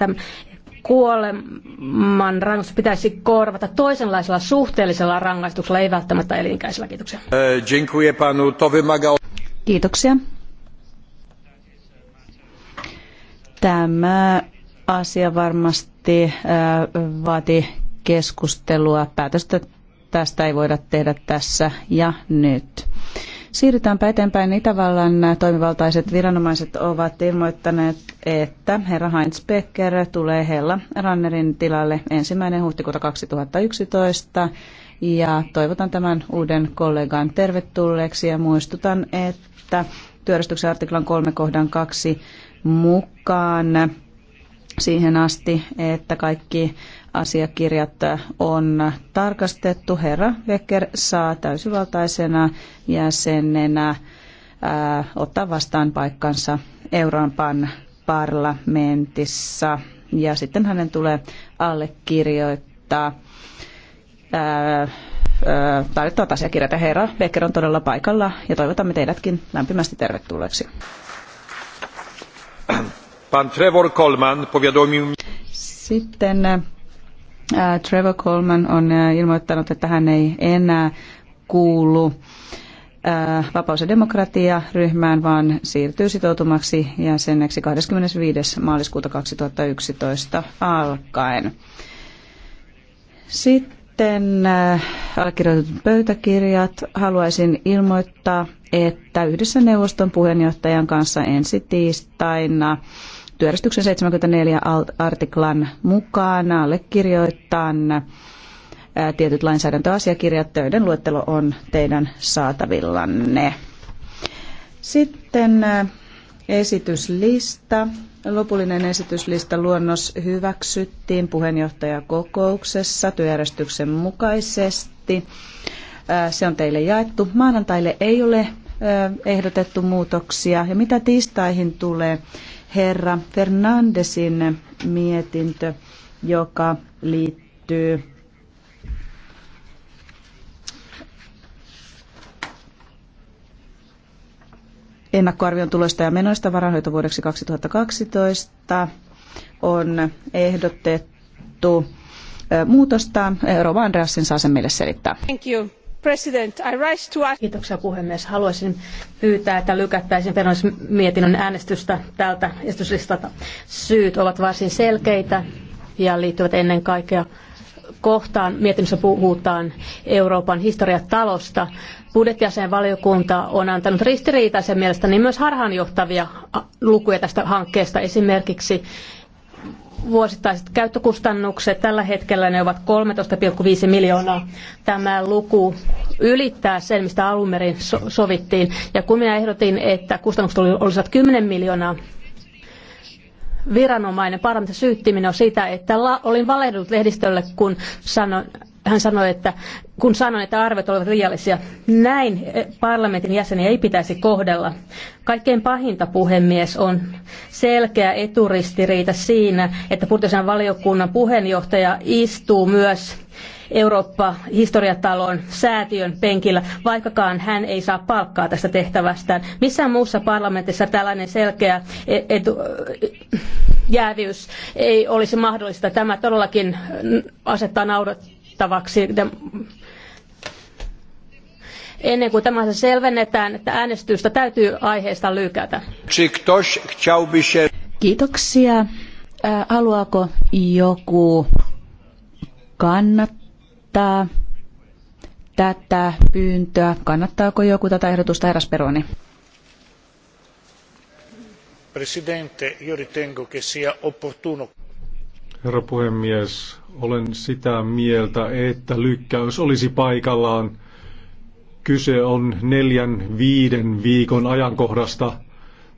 Tämä kuoleman rangaistus pitäisi korvata toisenlaisella suhteellisella rangaistuksella, ei välttämättä elinkäisellä. Kiitoksia. E, Kiitoksia. Tämä asia varmasti e, vaati keskustelua. Päätöstä tästä ei voida tehdä tässä ja nyt. Siirrytäänpä eteenpäin. Itävallan toimivaltaiset viranomaiset ovat ilmoittaneet, että herra Heinz Becker tulee Hella Rannerin tilalle ensimmäinen huhtikuuta 2011. Ja toivotan tämän uuden kollegan tervetulleeksi ja muistutan, että työjärjestyksen artiklan 3 kohdan 2 mukaan siihen asti, että kaikki asiakirjat on tarkastettu. Herra Wecker saa täysivaltaisena jäsenenä ää, äh, ottaa vastaan paikkansa Euroopan parlamentissa ja sitten hänen tulee allekirjoittaa ää, äh, äh, tarvittavat asiakirjat. Herra Becker on todella paikalla ja toivotamme teidätkin lämpimästi tervetulleeksi. Pan Trevor Colman powiadomił... Sitten äh, Trevor Colman on äh, ilmoittanut, että hän ei enää kuulu äh, vapaus- ja demokratia-ryhmään, vaan siirtyy sitoutumaksi jäseneksi 25. maaliskuuta 2011 alkaen. Sitten äh, allekirjoitetut pöytäkirjat haluaisin ilmoittaa, että yhdessä neuvoston puheenjohtajan kanssa ensi tiistaina työjärjestyksen 74 artiklan mukaan allekirjoittaan tietyt lainsäädäntöasiakirjat. Töiden luettelo on teidän saatavillanne. Sitten esityslista. Lopullinen esityslista luonnos hyväksyttiin puheenjohtajakokouksessa työjärjestyksen mukaisesti. Se on teille jaettu. Maanantaille ei ole ehdotettu muutoksia. Ja mitä tiistaihin tulee, herra Fernandesin mietintö, joka liittyy ennakkoarvion tuloista ja menoista varainhoitovuodeksi 2012 on ehdotettu muutosta. Rova Andreasen saa sen meille selittää. Thank you. President, Kiitoksia puhemies. Haluaisin pyytää, että lykättäisiin perusmietinnön äänestystä tältä esityslistalta. Syyt ovat varsin selkeitä ja liittyvät ennen kaikkea kohtaan. Mietinnössä puhutaan Euroopan historiatalosta. Budjettiaseen valiokunta on antanut ristiriitaisen mielestäni myös harhaanjohtavia lukuja tästä hankkeesta. Esimerkiksi vuosittaiset käyttökustannukset. Tällä hetkellä ne ovat 13,5 miljoonaa. Tämä luku ylittää sen, mistä alun perin so- sovittiin. Ja kun minä ehdotin, että kustannukset olisivat 10 miljoonaa, viranomainen parlamentissa syytti minua siitä, että olin valehdellut lehdistölle, kun sanoin, hän sanoi, että kun sanoin, että arvet olivat liiallisia, näin parlamentin jäseniä ei pitäisi kohdella. Kaikkein pahinta, puhemies, on selkeä eturistiriita siinä, että Purtisen valiokunnan puheenjohtaja istuu myös Eurooppa-historiatalon säätiön penkillä, vaikkakaan hän ei saa palkkaa tästä tehtävästään. Missään muussa parlamentissa tällainen selkeä e- etu, jääviys ei olisi mahdollista. Tämä todellakin asettaa naudat sallittavaksi ennen kuin tämä se selvennetään, että äänestystä täytyy aiheesta lykätä. Kiitoksia. Haluaako joku kannattaa tätä pyyntöä? Kannattaako joku tätä ehdotusta, herras Peroni? Presidente, io ritengo che sia opportuno. Herra puhemies, olen sitä mieltä, että lykkäys olisi paikallaan. Kyse on neljän, viiden viikon ajankohdasta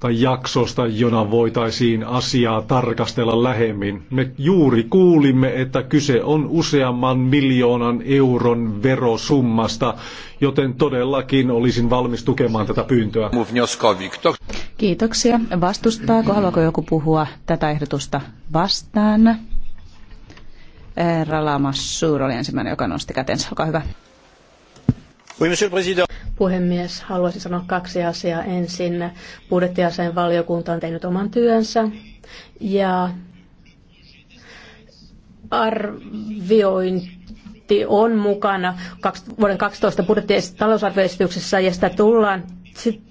tai jaksosta, jona voitaisiin asiaa tarkastella lähemmin. Me juuri kuulimme, että kyse on useamman miljoonan euron verosummasta, joten todellakin olisin valmis tukemaan tätä pyyntöä. Kiitoksia. Vastustaako? Haluaako joku puhua tätä ehdotusta vastaan? Ralamassuur oli ensimmäinen, joka nosti kätensä. Olkaa hyvä. Oui, monsieur le président puhemies, haluaisin sanoa kaksi asiaa. Ensin budjettiaseen valiokunta on tehnyt oman työnsä ja arviointi on mukana vuoden 12 budjetti- talousarvioesityksessä ja sitä tullaan,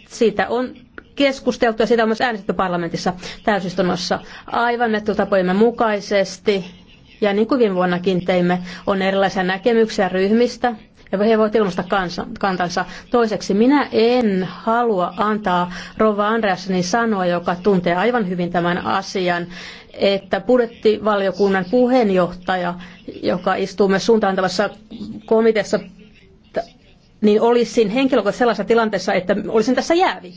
siitä on keskusteltu ja siitä on myös äänestetty parlamentissa täysistunnossa aivan metrotapojemme mukaisesti ja niin kuin viime vuonnakin teimme, on erilaisia näkemyksiä ryhmistä, ja he voivat ilmaista kantansa. Toiseksi, minä en halua antaa Rova Andreassenin sanoa, joka tuntee aivan hyvin tämän asian, että budjettivaliokunnan puheenjohtaja, joka istuu myös suuntaantavassa komiteassa, niin olisin henkilökohtaisesti sellaisessa tilanteessa, että olisin tässä jäävi.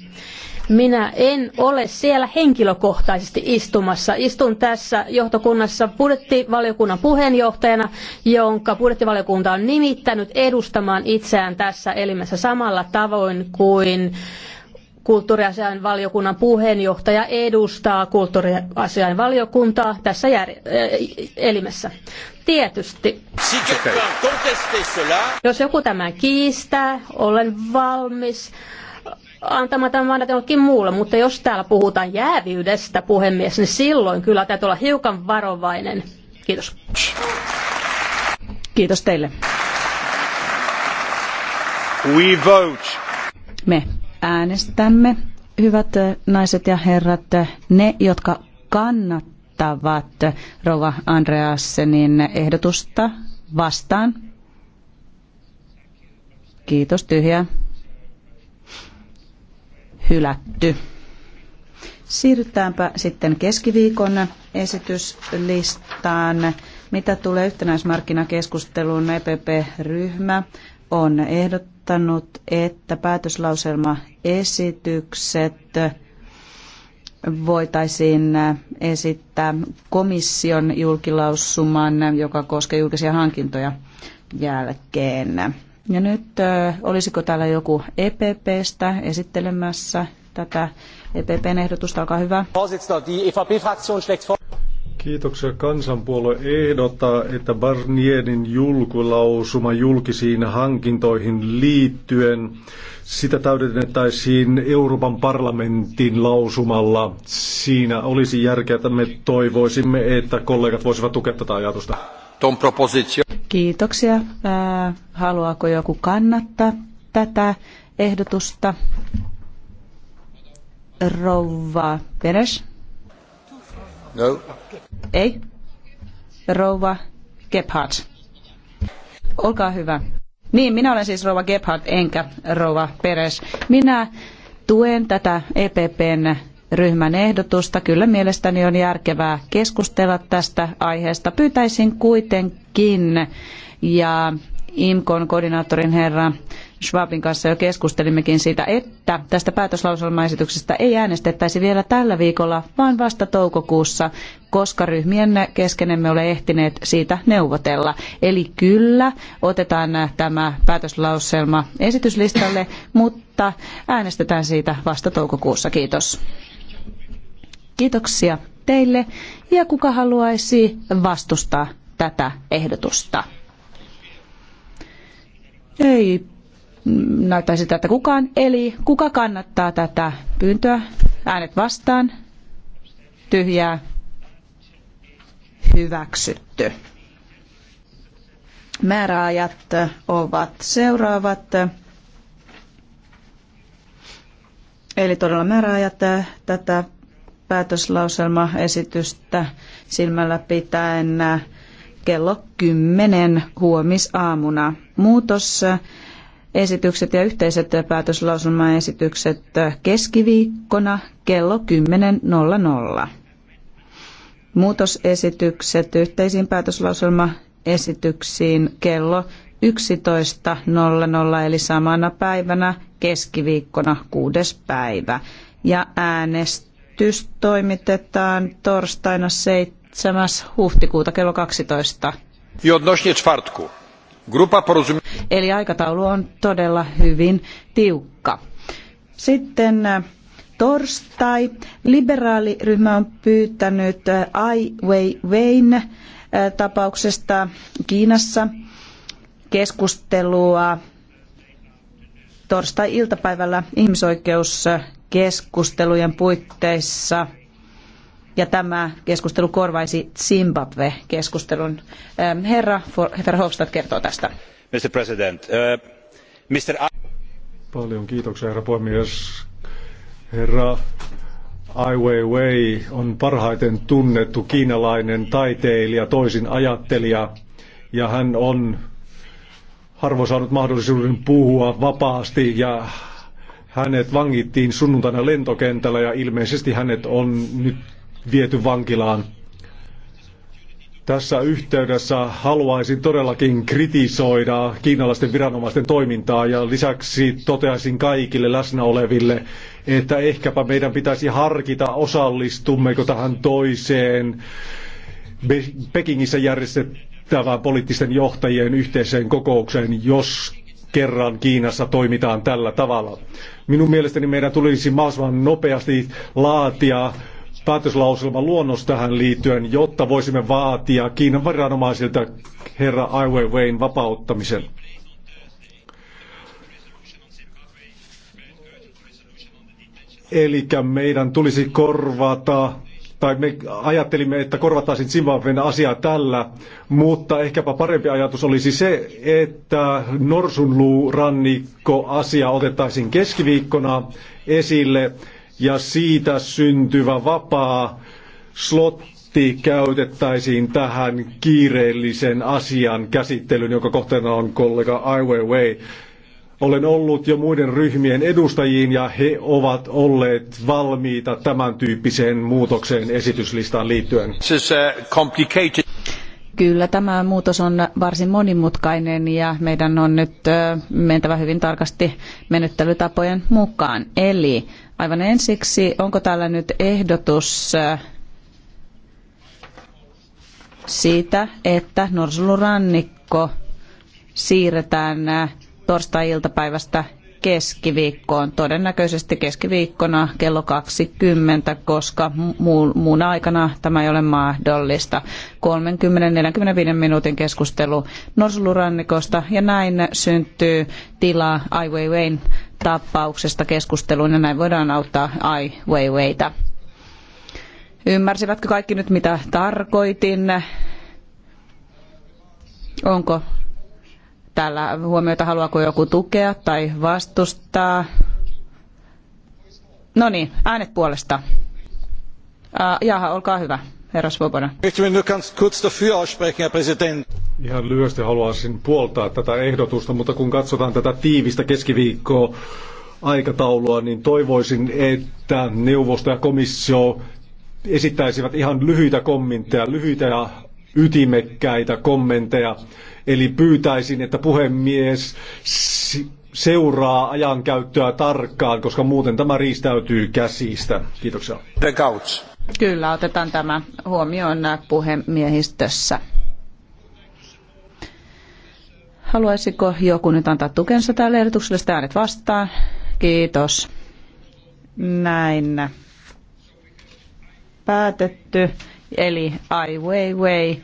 Minä en ole siellä henkilökohtaisesti istumassa. Istun tässä johtokunnassa budjettivaliokunnan puheenjohtajana, jonka budjettivaliokunta on nimittänyt edustamaan itseään tässä elimessä samalla tavoin kuin kulttuuriasian valiokunnan puheenjohtaja edustaa kulttuuriasian valiokuntaa tässä jär- eh, elimessä. Tietysti. Jos joku tämän kiistää, olen valmis antama tämän mandaatin jollekin muulle, mutta jos täällä puhutaan jäävyydestä, puhemies, niin silloin kyllä täytyy olla hiukan varovainen. Kiitos. Kiitos teille. We vote. Me äänestämme, hyvät naiset ja herrat, ne, jotka kannattavat rouva Andreasenin ehdotusta vastaan. Kiitos, tyhjää hylätty. Siirrytäänpä sitten keskiviikon esityslistaan. Mitä tulee yhtenäismarkkinakeskusteluun, EPP-ryhmä on ehdottanut, että päätöslauselmaesitykset voitaisiin esittää komission julkilausuman, joka koskee julkisia hankintoja jälkeen. Ja nyt olisiko täällä joku EPPstä esittelemässä tätä EPPn ehdotusta, olkaa hyvä. E Kiitoksia. Kansanpuolue ehdottaa, että Barnierin julkulausuma julkisiin hankintoihin liittyen, sitä täydennettäisiin Euroopan parlamentin lausumalla. Siinä olisi järkeä, että me toivoisimme, että kollegat voisivat tukea tätä ajatusta. Tom propositio. Kiitoksia. Haluaako joku kannattaa tätä ehdotusta? Rouva Peres? No. Ei. Rouva Gebhardt. Olkaa hyvä. Niin, minä olen siis rouva Gebhardt enkä rouva Peres. Minä tuen tätä EPPn ryhmän ehdotusta. Kyllä mielestäni on järkevää keskustella tästä aiheesta. Pyytäisin kuitenkin ja IMKon koordinaattorin herra Schwabin kanssa jo keskustelimmekin siitä, että tästä päätöslauselmaesityksestä ei äänestettäisi vielä tällä viikolla, vaan vasta toukokuussa, koska ryhmien kesken emme ole ehtineet siitä neuvotella. Eli kyllä otetaan tämä päätöslauselma esityslistalle, mutta äänestetään siitä vasta toukokuussa. Kiitos. Kiitoksia teille. Ja kuka haluaisi vastustaa tätä ehdotusta? Ei näyttäisi tätä että kukaan. Eli kuka kannattaa tätä pyyntöä? Äänet vastaan. Tyhjää. Hyväksytty. Määräajat ovat seuraavat. Eli todella määräajat tätä päätöslauselmaesitystä silmällä pitäen kello 10 huomisaamuna. Muutos esitykset ja yhteiset päätöslauselmaesitykset keskiviikkona kello 10.00. Muutosesitykset yhteisiin päätöslauselmaesityksiin kello 11.00 eli samana päivänä keskiviikkona kuudes päivä ja äänestys äänestys toimitetaan torstaina 7. huhtikuuta kello 12. I odnośnie czwartku. Grupa porozum... Eli aikataulu on todella hyvin tiukka. Sitten torstai. Liberaaliryhmä on pyytänyt Ai Weiwein tapauksesta Kiinassa keskustelua torstai-iltapäivällä ihmisoikeus keskustelujen puitteissa ja tämä keskustelu korvaisi Zimbabwe-keskustelun. Ähm, herra Verhofstadt kertoo tästä. Mr. President, uh, äh, Mr. Paljon kiitoksia, herra puhemies. Herra Ai Weiwei on parhaiten tunnettu kiinalainen taiteilija, toisin ajattelija, ja hän on harvoin saanut mahdollisuuden puhua vapaasti ja hänet vangittiin sunnuntaina lentokentällä ja ilmeisesti hänet on nyt viety vankilaan. Tässä yhteydessä haluaisin todellakin kritisoida kiinalaisten viranomaisten toimintaa ja lisäksi toteaisin kaikille läsnä oleville, että ehkäpä meidän pitäisi harkita osallistummeko tähän toiseen Pekingissä järjestettävään poliittisten johtajien yhteiseen kokoukseen, jos kerran Kiinassa toimitaan tällä tavalla. Minun mielestäni meidän tulisi mahdollisimman nopeasti laatia päätöslauselman luonnos tähän liittyen, jotta voisimme vaatia Kiinan viranomaisilta herra Ai Weiwein vapauttamisen. Eli meidän tulisi korvata tai me ajattelimme, että korvattaisiin Zimbabwen asiaa tällä, mutta ehkäpä parempi ajatus olisi se, että norsunluurannikko asia otettaisiin keskiviikkona esille ja siitä syntyvä vapaa slotti käytettäisiin tähän kiireellisen asian käsittelyyn, joka kohteena on kollega Ai Weiwei. Olen ollut jo muiden ryhmien edustajiin ja he ovat olleet valmiita tämän tyyppiseen muutokseen esityslistaan liittyen. Uh, Kyllä tämä muutos on varsin monimutkainen ja meidän on nyt mentävä hyvin tarkasti menettelytapojen mukaan. Eli aivan ensiksi, onko täällä nyt ehdotus siitä, että Norsulurannikko siirretään torstai-iltapäivästä keskiviikkoon, todennäköisesti keskiviikkona kello 20, koska muuna aikana tämä ei ole mahdollista. 30-45 minuutin keskustelu norsulurannikosta ja näin syntyy tilaa Ai Weiwein tapauksesta keskusteluun ja näin voidaan auttaa Ai Weiweitä. Ymmärsivätkö kaikki nyt mitä tarkoitin? Onko täällä huomiota, haluaako joku tukea tai vastustaa. No niin, äänet puolesta. Uh, jaha, olkaa hyvä, herra Svoboda. Ihan lyhyesti haluaisin puoltaa tätä ehdotusta, mutta kun katsotaan tätä tiivistä keskiviikkoa aikataulua, niin toivoisin, että neuvosto ja komissio esittäisivät ihan lyhyitä kommentteja, lyhyitä ja ytimekkäitä kommentteja Eli pyytäisin, että puhemies seuraa ajankäyttöä tarkkaan, koska muuten tämä riistäytyy käsistä. Kiitoksia. The couch. Kyllä, otetaan tämä huomioon puhemiehistössä. Haluaisiko joku nyt antaa tukensa tälle ehdotukselle? Sitä äänet vastaan. Kiitos. Näin. Päätetty. Eli Ai Weiwei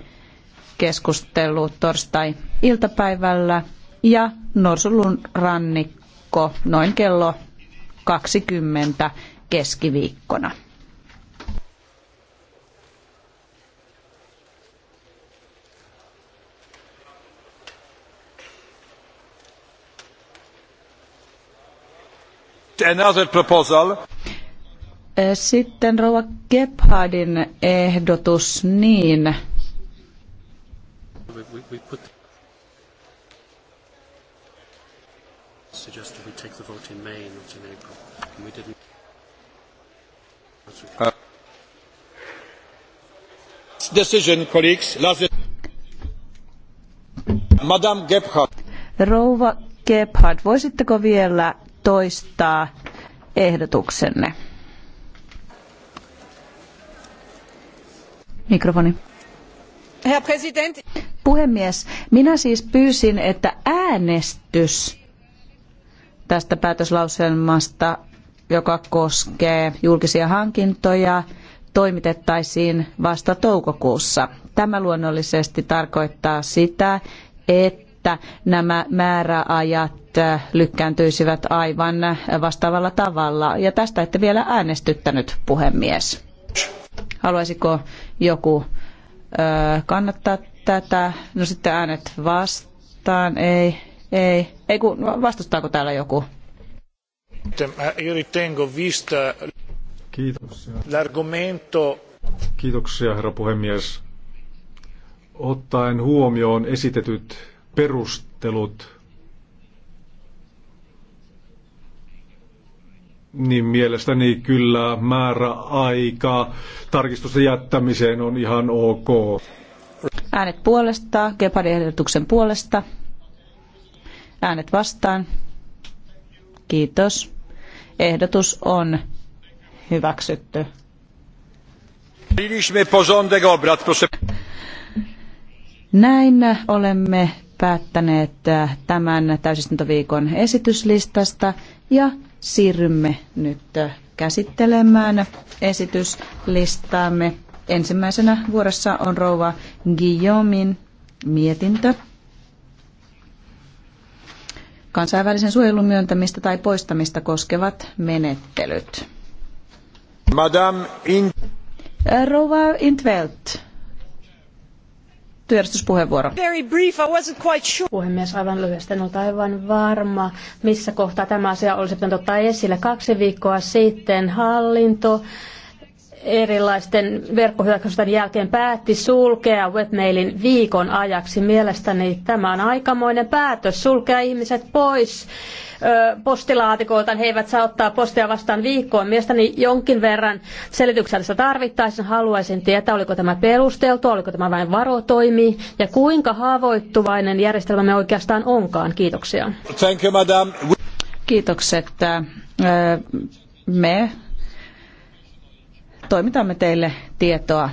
keskustelu torstai-iltapäivällä ja Norsulun rannikko noin kello 20 keskiviikkona. Another proposal. Sitten Rova Gebhardin ehdotus niin, we, we we put the suggested we take the vote in May, not in April, and we didn't. Uh, decision, colleagues. Last Madame Gebhardt. Rouva Gebhardt, voisitteko vielä toistaa ehdotuksenne? Mikrofoni. Herr Präsident. Puhemies, minä siis pyysin, että äänestys tästä päätöslauselmasta, joka koskee julkisia hankintoja, toimitettaisiin vasta toukokuussa. Tämä luonnollisesti tarkoittaa sitä, että nämä määräajat lykkääntyisivät aivan vastaavalla tavalla. Ja tästä ette vielä äänestyttänyt, puhemies. Haluaisiko joku kannattaa tätä, no sitten äänet vastaan, ei, ei, ei kun vastustaako täällä joku? Kiitoksia. Largumento. Kiitoksia herra puhemies. Ottaen huomioon esitetyt perustelut niin mielestäni kyllä määräaika tarkistusten jättämiseen on ihan ok. Äänet puolesta, Gepardin ehdotuksen puolesta. Äänet vastaan. Kiitos. Ehdotus on hyväksytty. Näin olemme päättäneet tämän täysistuntoviikon esityslistasta ja siirrymme nyt käsittelemään esityslistaamme. Ensimmäisenä vuorossa on rouva Guillaumin mietintö. Kansainvälisen suojelun myöntämistä tai poistamista koskevat menettelyt. Madame In... Rouva Intvelt, Puhemies, aivan lyhyesti en ollut aivan varma, missä kohtaa tämä asia olisi pitänyt ottaa esille. Kaksi viikkoa sitten hallinto erilaisten verkkohyökkäysten jälkeen päätti sulkea webmailin viikon ajaksi. Mielestäni tämä on aikamoinen päätös sulkea ihmiset pois postilaatikoilta, he eivät saa ottaa postia vastaan viikkoon. Mielestäni jonkin verran selityksellistä tarvittaisiin. Haluaisin tietää, oliko tämä perusteltu, oliko tämä vain varotoimi ja kuinka haavoittuvainen järjestelmämme oikeastaan onkaan. Kiitoksia. Thank you, madam. Kiitokset. Me toimitamme teille tietoa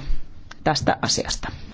tästä asiasta.